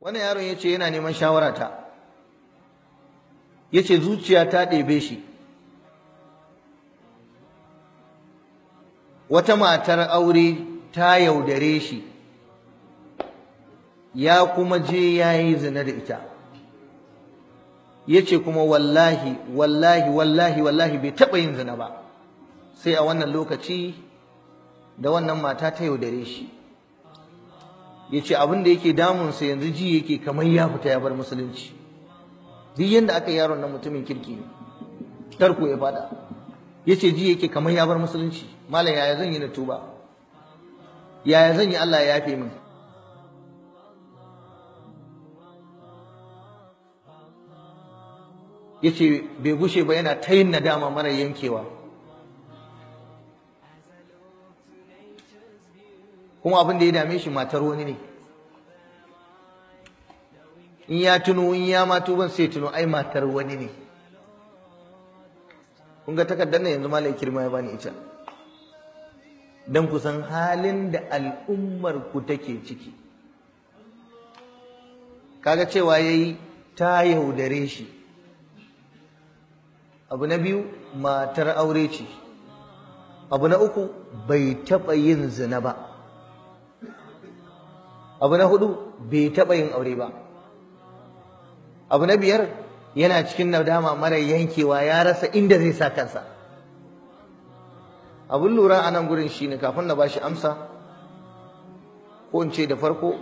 wannan yaron ya ce yana neman shawarata ya ce zuciya ta ɗebe shi wata matar aure ta yaudare shi ya kuma je ya yi zina da ita ya ce kuma wallahi wallahi wallahi wallahi bai taɓa yin zina ba sai a wannan lokaci da wannan mata ta yaudare shi yace abin da yake damun sa yanzu ji yake kamar ya fita ya bar musulunci duk yanda aka yaron nan mutumin kirki ne tarko ya fada yace ji yake kamar ya bar musulunci malam yaya zan yi na tuba yaya zan yi Allah ya yafe min yace bai gushe ba yana tayin nadama mara yankewa kuma abin da ya dame shi matar wani ne in ya tuno in ya matu ban sai tuno ai matar wani ne kun ga takardar nan yanzu malai kirma ya bani ita dan kusan halin da al'ummar ku take ciki kaga cewa yayi ta yaudare shi abu na biyu matar aure ce abu na uku bai taɓa yin zina ba abu na hudu bai taɓa yin aure ba abu na biyar yana cikin nadama mara yankewa ya rasa inda zai sa kansa abun lura a nan gurin ne kafin na ba shi amsa ko in ce da farko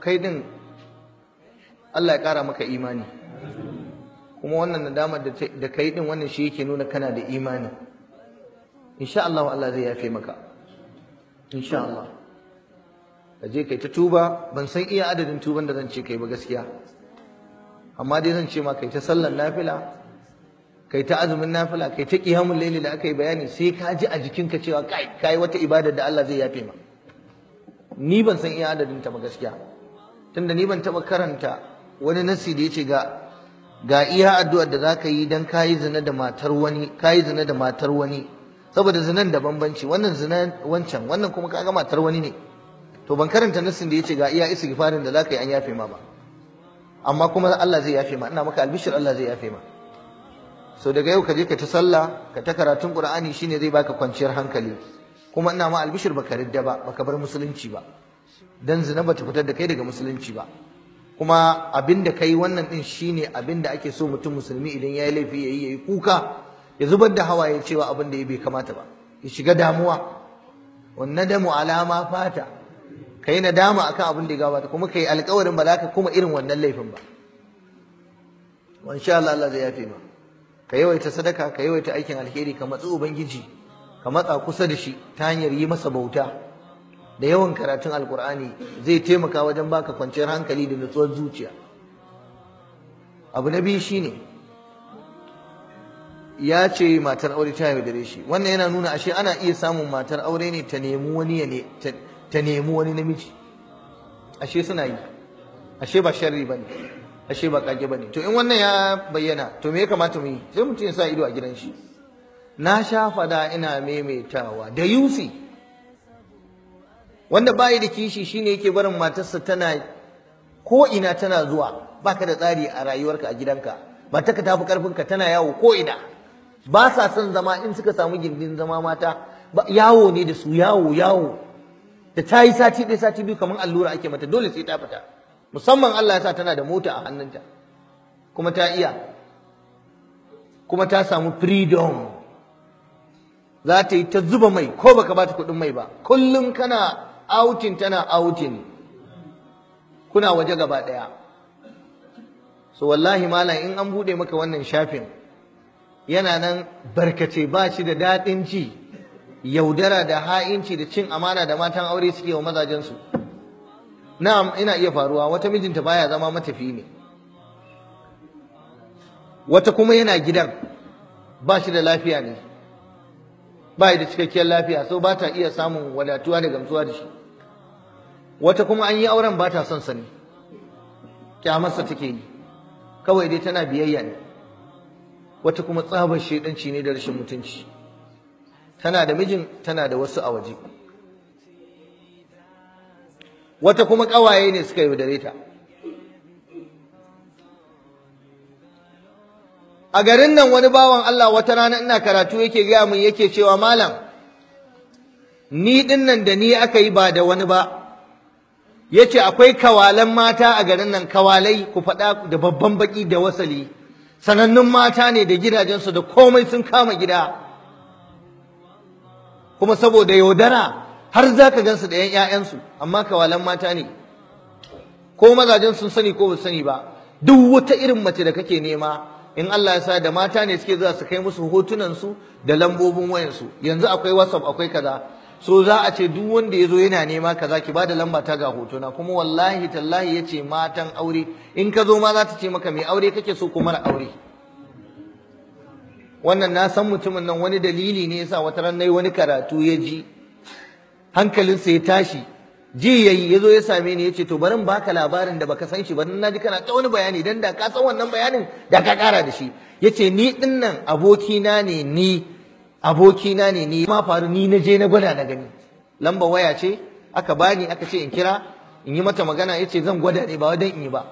kai din Allah ya ƙara maka imani kuma wannan nadamar da kai din wannan shi yake nuna kana da imani insha Allah Allah zai yafe maka insha ka je kai ta tuba ban san iya adadin tuban da zan ce kai ba gaskiya amma dai zan ce ma kai ta sallar nafila kai ta azumin nafila kai ta qiyamul layli da aka yi bayani sai ka ji a jikinka cewa kai kai wata ibada da Allah zai yafe ma ni ban san iya adadin ta ba gaskiya tunda ni ban taba karanta wani nasi da yace ga ga iya addu'ar da zaka yi dan kai zina da matar wani kai zina da matar wani saboda zinan da bambanci wannan zina wancan wannan kuma kaga matar wani ne to ban karanta nassin da yace ga iya istighfarin da zaka yi an yafe ma ba amma kuma Allah zai yafe ma ina maka albishir Allah zai yafe ma so daga yau ka je ka ta sallah ka ta karatun qur'ani shine zai baka kwanciyar hankali kuma ina ma albishir baka ridda ba baka bar musulunci ba dan zina bata fitar da kai daga musulunci ba kuma abin da kai wannan din shine abin da ake so mutum musulmi idan yayi laifi yayi yayi kuka ya zubar da hawaye cewa abin da ya bai kamata ba ya shiga damuwa wannan damu alama fata ka yi nadama akan abin da ya gabata kuma ka yi alkawarin ba za ka kuma irin wannan laifin ba wani sha Allah Allah zai yafe ma ka yawaita sadaka ka yawaita aikin alheri ka matsi ubangiji ka matsa kusa da shi ta hanyar yi masa bauta da yawan karatun alkur'ani zai taimaka wajen baka kwanciyar hankali da nutsuwar zuciya abu na biyu shine ya ce matar aure ta yaudare shi wannan yana nuna ashe ana iya samun matar aure ne ta nemi wani ya ne ta nemi wani namiji ashe suna yi ashe ba sharri ne. ashe ba kage ne. to in wannan ya bayyana to me ya kamata mu yi sai mutum ya sa ido a gidan shi na sha fada ina maimaitawa da yusi wanda bayi da kishi shine yake barin matarsa tana ko ina tana zuwa baka da tsari a rayuwarka a gidanka ba ta ka tafi karfinka tana yawo ko ina ba sa son zama in suka samu gindin zama mata yawo ne da su yawo yawo da ta yi sati ɗaya sati biyu kamar allura ake mata dole sai ta fita musamman Allah ya sa tana da mota a hannunta kuma ta iya kuma ta samu freedom za ta yi ta zuba mai ko baka ba ta kuɗin mai ba kullum kana outing tana outing kuna waje gaba ɗaya so wallahi malam in an buɗe maka wannan shafin yana nan barkace ba shi da daɗin ci yaudara da ha'inci da cin amana da matan aure suke wa mazajensu na'am ina iya faruwa wata mijinta baya zama matafi ne wata kuma yana gidan ba shi da lafiya ne ba da cikakkiyar lafiya so ba ta iya samun wadatuwa da gamsuwa da shi wata kuma an yi auren ba ta son sani ne kyamarsa take yi kawai dai tana biyayya ne wata kuma tsabar shedanci ne da rashin mutunci tana da mijin tana da wasu a waje wata kuma ƙawaye ne suka yaudare ta a garin nan wani bawan Allah wata rana ina karatu yake gaya mun yake cewa malam ni nan da ni aka yi ba da wani ba yace akwai kawalan mata a garin nan kawalai ku faɗa da babban baki da wasali sanannun mata ne da gidajensu da komai sun kama gida kuma saboda yaudara har za ka gansu da 'yan 'ya'yansu amma kawalan mata ne ko mazajen sun sani ko ba sani ba duk wata irin mace da kake nema in Allah ya sa da mata ne suke zuwa su kai musu hotunansu da lambobin wayansu yanzu akwai whatsapp akwai kaza so za a ce duk wanda ya zo yana nema kaza ki bada lamba ta ga hotuna kuma wallahi tallahi ya ce matan aure in ka zo ma za ta ce maka mai aure kake so ko mara aure wannan na san mutumin nan wani dalili ne yasa wata ran nayi wani karatu ya ji hankalin hankalinsa ya tashi ji yayi yazo ya same ni yace to barin baka labarin da baka san shi ba na ji kana ta wani bayani dan da ka san wannan bayanin da ka kara da shi yace ni aboki abokina ne ni abokina ne ni ma faru ni na je na gwada na gani lamba waya ce aka bani aka ce in kira in yi mata magana yace zan gwada ne ba wadan in yi ba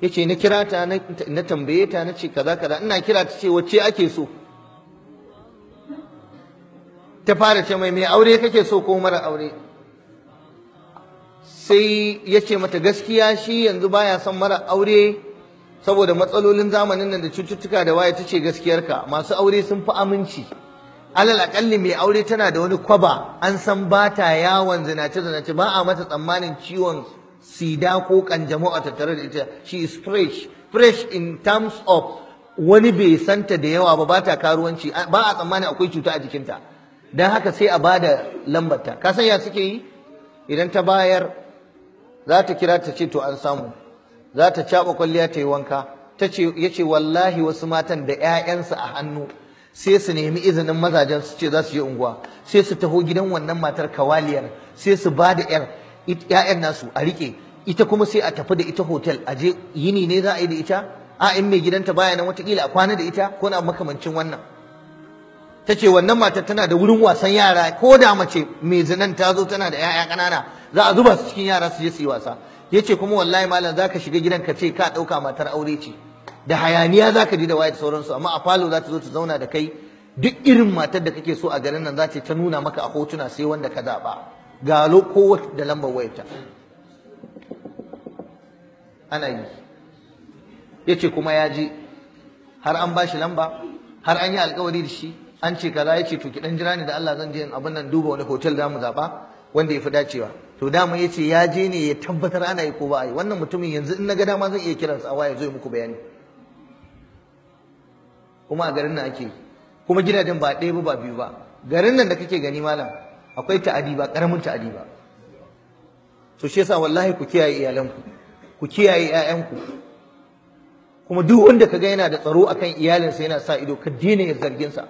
yace na kira ta na tambaye ta na ce kaza kaza ina kira ta ce wacce ake so ta fara ce mai mai aure kake so ko mara aure sai ya ce mata gaskiya shi yanzu baya son mara aure saboda matsalolin zamanin nan da cututtuka da waye ta ce gaskiyarka masu aure sun fi aminci alal akalli mai aure tana da wani kwaba an san ba ta yawon zinace zinace ba a mata tsammanin ciwon sida ko kanjamau a tattare da ita she is fresh fresh in terms of wani bai santa da yawa ba ba ta karuwanci ba a tsammanin akwai cuta a jikinta don haka sai a bada lambarta ka san ya suke yi idan ta bayar za ta kira ta ce to an samu za ta caɓa kwalliya ta yi wanka ta ce ya ce wallahi wasu matan da 'ya'yansu a hannu sai su nemi izinin mazajen su ce za su je unguwa sai su taho gidan wannan matar kawaliyar sai su ba da 'ya'yan nasu a rike ita kuma sai a tafi da ita hotel a je yini ne za a yi da ita a in mai gidanta baya nan watakila a kwana da ita ko na makamancin wannan ta ce wannan matar tana da wurin wasan yara ko da mace mai zinan ta zo tana da 'ya'ya kanana za a zuba su cikin yara su je su yi wasa ya ce kuma wallahi malam za ka shiga gidan ka ce ka ɗauka matar aure ce da hayaniya za ka ji da waye sauransu amma a falo za ta zo ta zauna da kai duk irin matar da kake so a garin nan za ta ta nuna maka a hotuna sai wanda ka zaɓa Galo ko da lambar wayarta ana yi ya ce kuma ya je har an ba shi lamba har an yi alkawari da shi an ce kaza ya ce to ki jira ni da Allah zan je in abin nan duba wani hotel da mu zaba wanda ya fi dacewa to dama ya ce ya je ne ya tabbatar ana yi ko ba a yi wannan mutumin yanzu in naga dama zan iya kiransa a waya zo muku bayani kuma a garin nan ake kuma gidajen ba ɗaya ba ba biyu ba garin nan da kake gani malam akwai ta'adi ba karamin ta'adi ba to shi yasa wallahi ku kiyaye iyalanku ku kiyaye ƴaƴanku kuma duk wanda kaga yana da tsaro akan iyalinsa yana sa ido ka daina zargin sa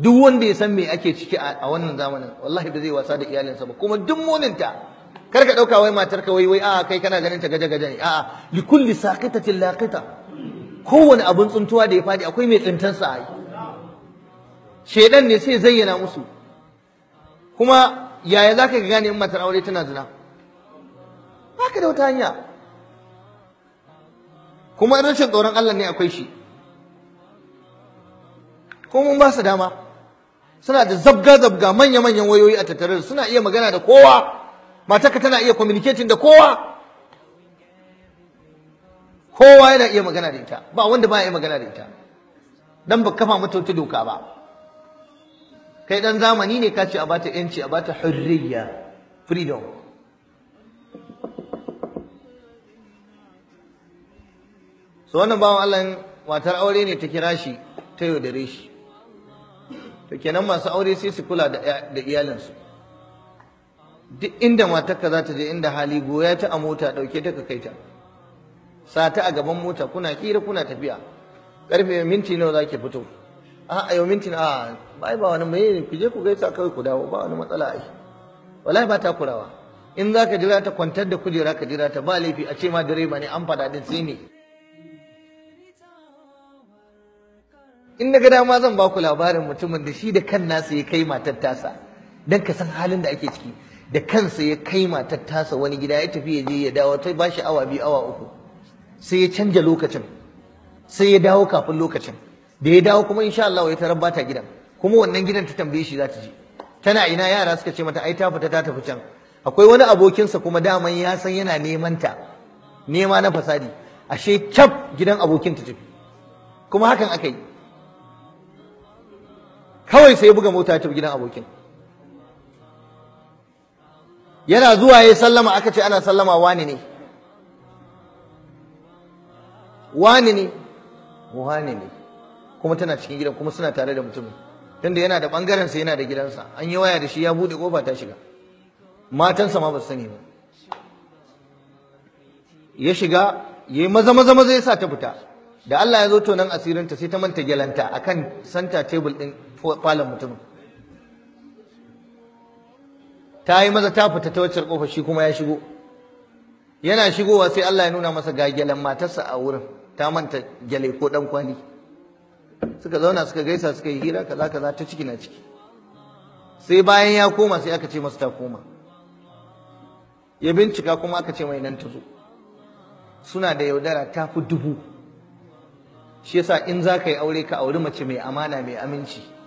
duk wanda ya san me ake ciki a wannan zamanin wallahi ba zai wasa da iyalinsa ba kuma duk muninta kar ka dauka wai matar ka wai wai a'a kai kana ganin ta gaje gaje ne a'a li kulli saqitatin laqita kowane abin tsuntuwa da ya fadi akwai mai tsintan sa ai shedan ne sai zayyana musu kuma yaya zaka ga gane in matar aure tana zina ka da wata hanya kuma rashin tsoron Allah ne akwai shi ko mun ba su dama suna da zabga zabga manya manyan wayoyi a tattare da suna iya magana da kowa matarka tana iya communicating da kowa kowa yana iya magana da ita ba wanda ba iya magana da ita dan ba kafa mata wata doka ba kai dan zamani ne ka ce a bata yanci a bata hurriya freedom so wannan bawan Allah matar aure ne ta kira shi ta yaudare shi to kenan masu aure sai su kula da iyalinsu duk inda matarka za ta je inda hali goya ta a mota ɗauke ta ka kai ta sa ta a gaban mota kuna kira kuna tafiya karfe minti nawa za ki fito a yau minti a yi ba wani mai ku je ku gaisa kawai ku dawo ba wani matsala yi wallahi ba ta kurawa in za ka jira ta kwantar da kujera ka jira ta ba laifi a ce ma direba ne an faɗa sai ne in na ga dama zan baku labarin mutumin da shi da kan nasa ya kai matar tasa dan ka san halin da ake ciki da kansa ya kai matar tasa wani gida ya tafi ya je ya dawo ta ba shi awa biyu awa uku sai ya canja lokacin sai ya dawo kafin lokacin da ya dawo kuma insha Allah ya tarar bata gidan kuma wannan gidan ta tambaye shi za ta je tana ina yara suka ce mata ai ta fita ta tafi can akwai wani abokinsa kuma daman ya san yana neman ta nema na fasadi ashe cap gidan abokin ta tafi kuma hakan aka yi kawai sai ya buga mota ta gidan abokin yana zuwa ya sallama aka ce ana sallama wani ne wani ne wani ne kuma tana cikin gidan kuma suna tare da mutum tunda yana da bangaren sa yana da gidansa an yi waya da shi ya bude kofa ta shiga sa ma ba su sani ba ya shiga yayi maza maza maza ya sa ta fita da Allah ya zo to nan asirinta sai ta manta gelanta akan santa table din falon mutumin ta yi maza ta fita ta wacce kofa shi kuma ya shigo yana shigowa sai Allah ya nuna masa ga matarsa a wurin ta manta gyale ko dan kwali suka zauna suka gaisa suka yi hira kaza kaza ta ciki na ciki sai bayan ya koma sai aka ce masa ta koma ya bincika kuma aka ce mai nan ta zo suna da yaudara ta fi dubu shi yasa in za ka yi aure ka auri mace mai amana mai aminci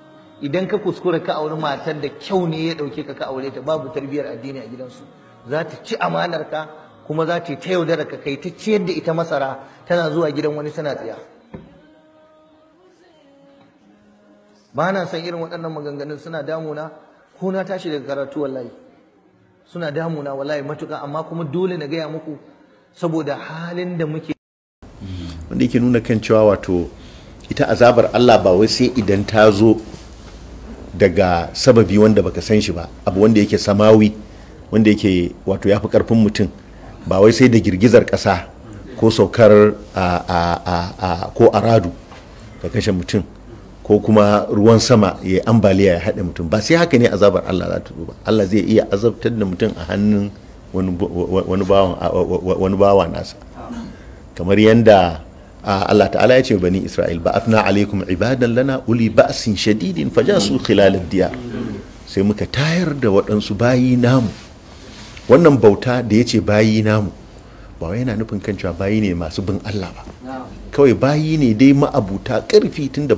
idan ka kuskura ka auri matar da kyau ne ya ɗauke ka ka aure ta babu tarbiyyar addini a gidansu za ta ci amanar ka kuma za ta ta yaudara ka kai ta ciyar da ita masara tana zuwa gidan wani tana tsaya ba na san irin waɗannan maganganun suna damuna ko na tashi daga karatu wallahi suna damuna wallahi matuka amma kuma dole na gaya muku saboda halin da muke wanda yake nuna kan cewa wato ita azabar Allah ba wai sai idan ta zo daga sababi wanda baka san shi ba abu wanda yake samawi wanda yake wato ya fi karfin mutum ba wai sai da girgizar ƙasa ko saukar ko aradu ka kashe mutum ko kuma ruwan sama ya ambaliya ya haɗe mutum ba sai haka ne azabar Allah za ta ba Allah zai iya azabtar da mutum a hannun wani bawa nasa kamar yadda Ah, Allah ta'ala ya ce bani Isra'il ba afna alaikum ibadan lana uli ba'sin shadidin fajasu khilal diyar sai muka tayar da waɗansu bayi namu wannan bauta da ya ce bayi namu ba wai yana nufin kan cewa bayi ne masu bin Allah ba kawai bayi ne dai ma'abuta ƙarfi tunda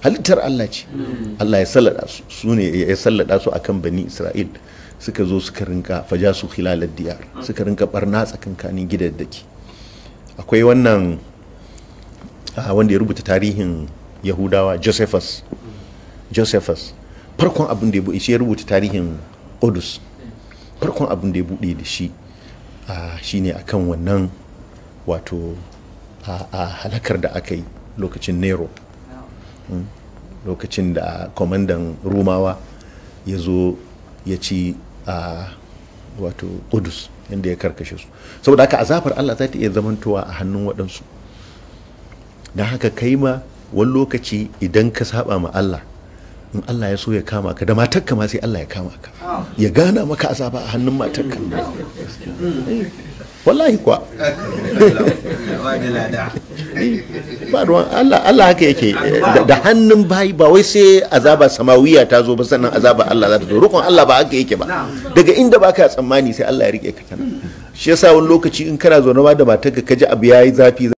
halittar Allah ce Allah ya sallada su su ne ya sallada su akan bani Isra'il suka zo suka rinka fajasu khilal diyar suka rinka barna tsakankanin daki akwai wannan Ah, wanda ya rubuta tarihin yahudawa josephus josephus farkon abin da ya buɗe shi ya rubuta tarihin odus farkon abin da ya buɗe da shi shi ah, shine akan wannan wato a ah, halakar da aka yi lokacin nero hmm? lokacin da kwamandan rumawa ya zo ya ci a wato odus inda ya karkashe su saboda haka azafar allah za ta iya zamantowa a hannun waɗansu don haka kai ma wani lokaci idan ka saba ma Allah in Allah ya so ya kama ka da matakka ma sai Allah ya kama ka ya gana maka azaba a hannun matakka wallahi kuwa ba ruwan Allah Allah haka yake da hannun bayi ba wai sai azaba samawiya ta zo ba sannan azaba Allah za ta zo rukun Allah ba haka yake ba daga inda ba ka tsammani sai Allah ya rike ka tana shi yasa wani lokaci in kana zaune ba da matakka ka ji abu yayi zafi